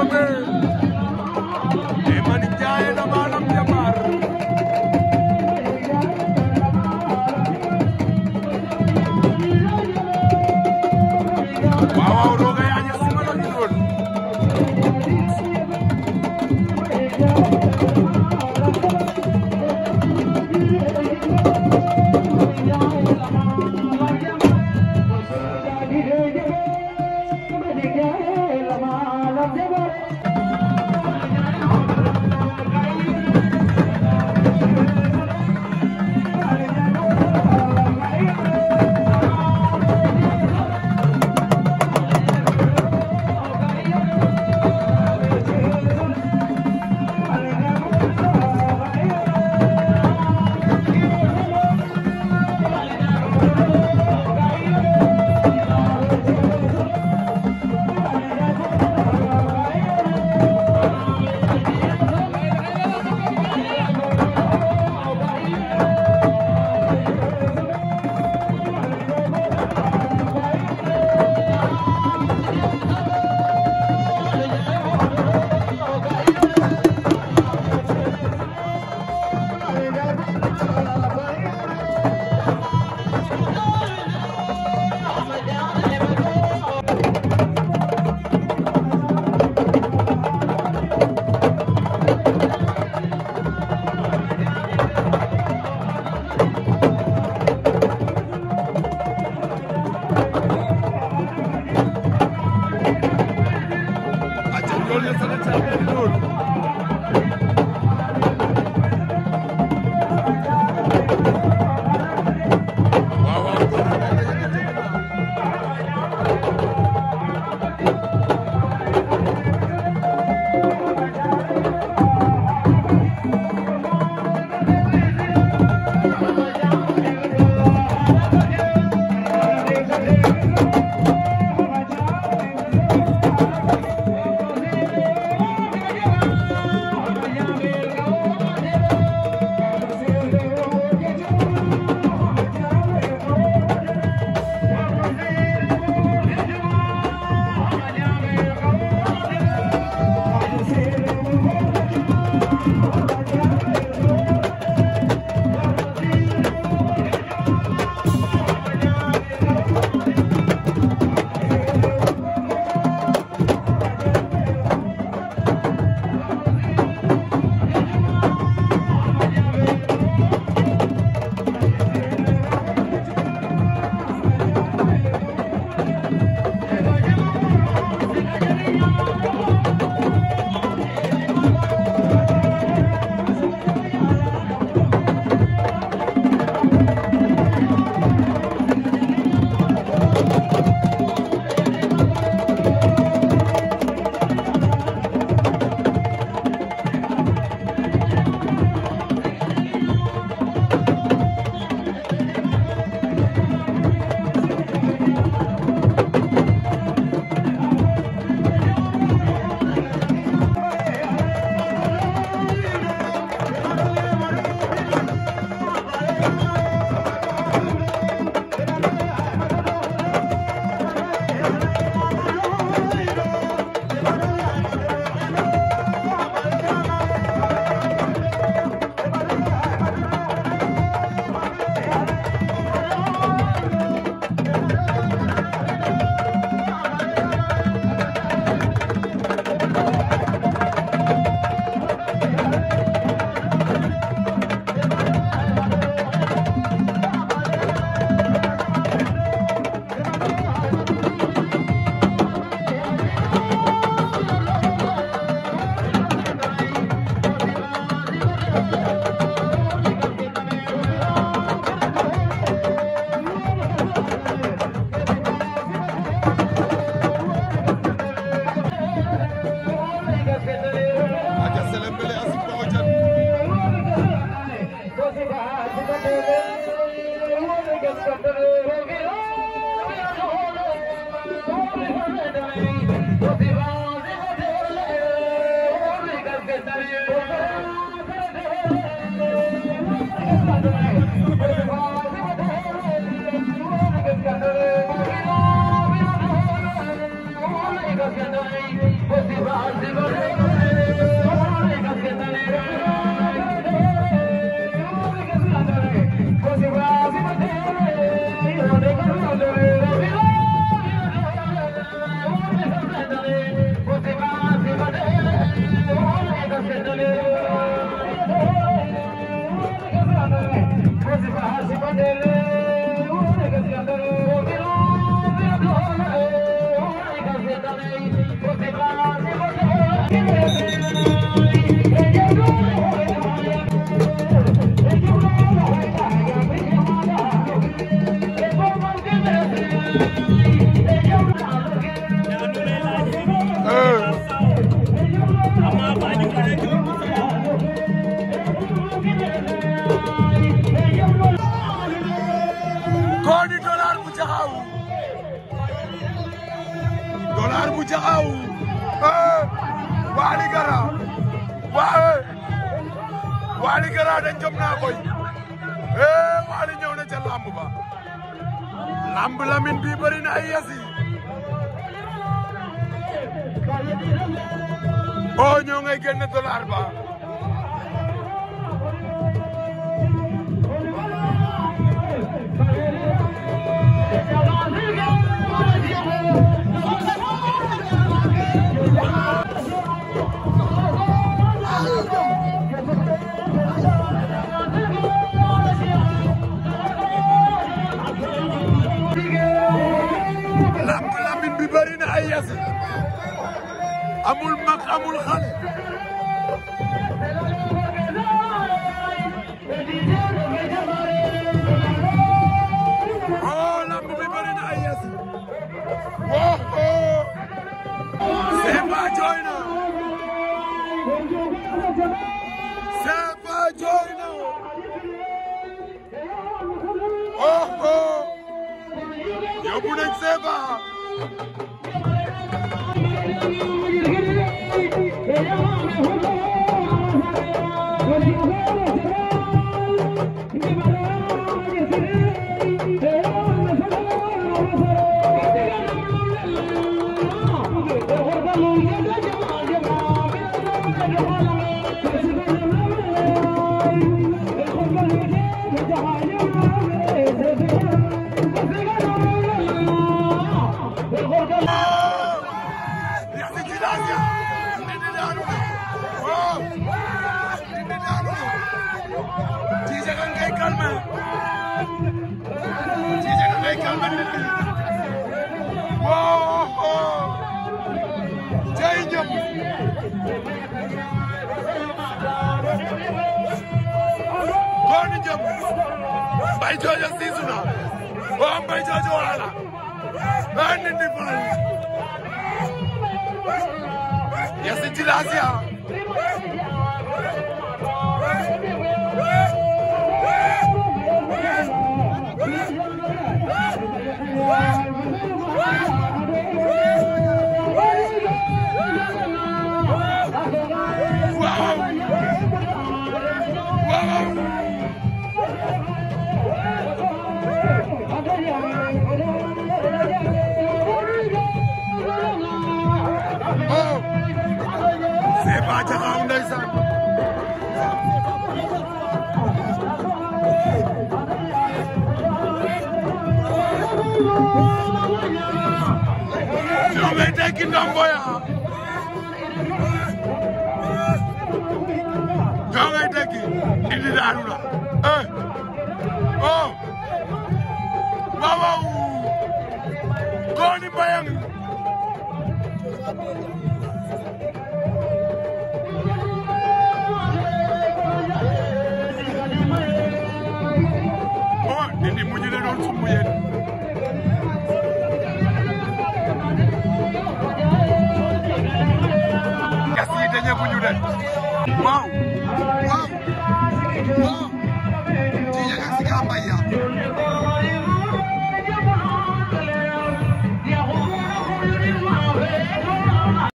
Jobé Elimane Ndiaye na maanaam jàmbaar waaw waaw loolu la sa nekk sa Waly Gara dañ jom naa koy eh Waly ñëw na ca ba lamb Lamine bi bëri na ay oh, ñoo ngay génn dollar ba lamb lamine bi bëri na ay yas amul mag amul xale ابونا نسابها يا Mbaye Jojo Siisuna waa Mbaye Jojo wala maa nindi fulu yasi jilaasiya Sylvain tekki ndombo ya Sylvain tekki indi daanu la eh oh waaw Goni Mbayang ni ñu leen doon sumb yéen gas yi dañee bu ñu de waaw waaw waaw ci